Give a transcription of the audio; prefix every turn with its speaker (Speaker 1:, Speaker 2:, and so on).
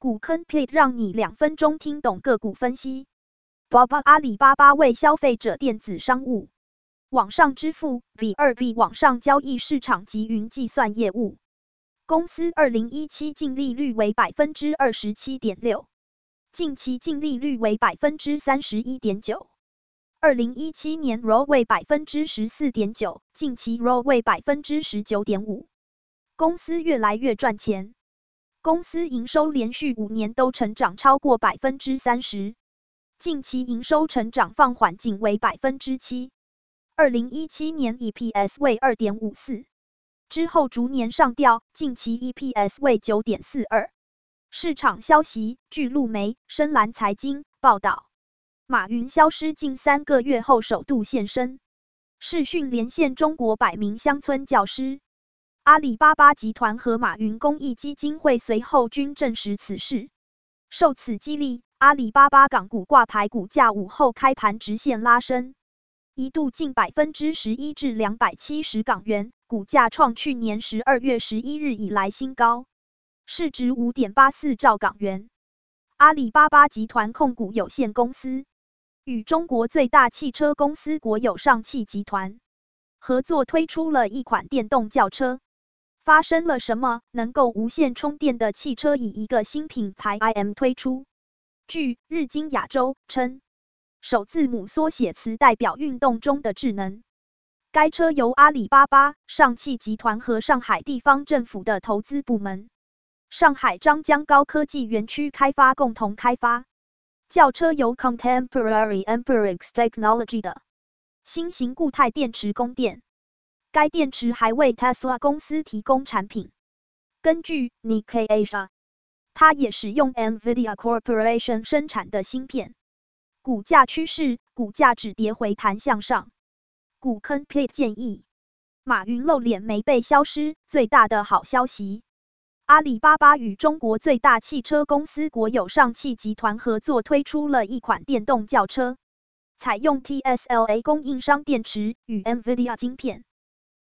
Speaker 1: 股坑 please 讓你兩分鐘聽懂個股分析。BABA 阿里巴巴為消費者電子商務、網上支付、B2B 網上交易市場及雲計算業務。公司二零一七淨利率為百分之二十七點六，近期淨利率為百分之三十一點九。二零一七年 ROE 為百分之十四點九，近期 ROE 為百分之十九點五。公司越來越賺錢。公司營收連續五年都成長超過百分之三十，近期營收成長放緩，僅為百分之七。二零一七年 EPS 為二點五四，之後逐年上調，近期 EPS 為九點四二。市場消息，據陸媒、深藍財經報道，馬雲消失近三個月後首度現身，視訊連線中國百名鄉村教師。阿里巴巴集團和馬雲公益基金會隨後均證實此事。受此激勵，阿里巴巴港股掛牌股價午後開盤直線拉升，一度近百分之十一，至兩百七十港元，股價創去年十二月十一日以來新高，市值五點八四兆港元。阿里巴巴集團控股有限公司與中國最大汽車公司國有上汽集團合作推出了一款電動轎車。發生了什麼？能夠無線充電的汽車以一個新品牌 IM 推出。據日經亞洲稱，首字母縮寫詞代表運動中的智能。該車由阿里巴巴、上汽集團和上海地方政府的投資部門、上海張江高科技園區開發共同開發。轎車由 Contemporary Amperex Technology 的新型固態電池供電。該電池還為 Tesla 公司提供產品。根據 Nikkei Asia，它也使用 Nvidia Corporation 生產的芯片。股價趨勢，股價止跌回彈向上。股坑 pit 建議，馬雲露臉沒被消失，最大的好消息。阿里巴巴與中國最大汽車公司國有上汽集團合作推出了一款電動轎車，採用 TSLA 供應商電池與 Nvidia 芯片。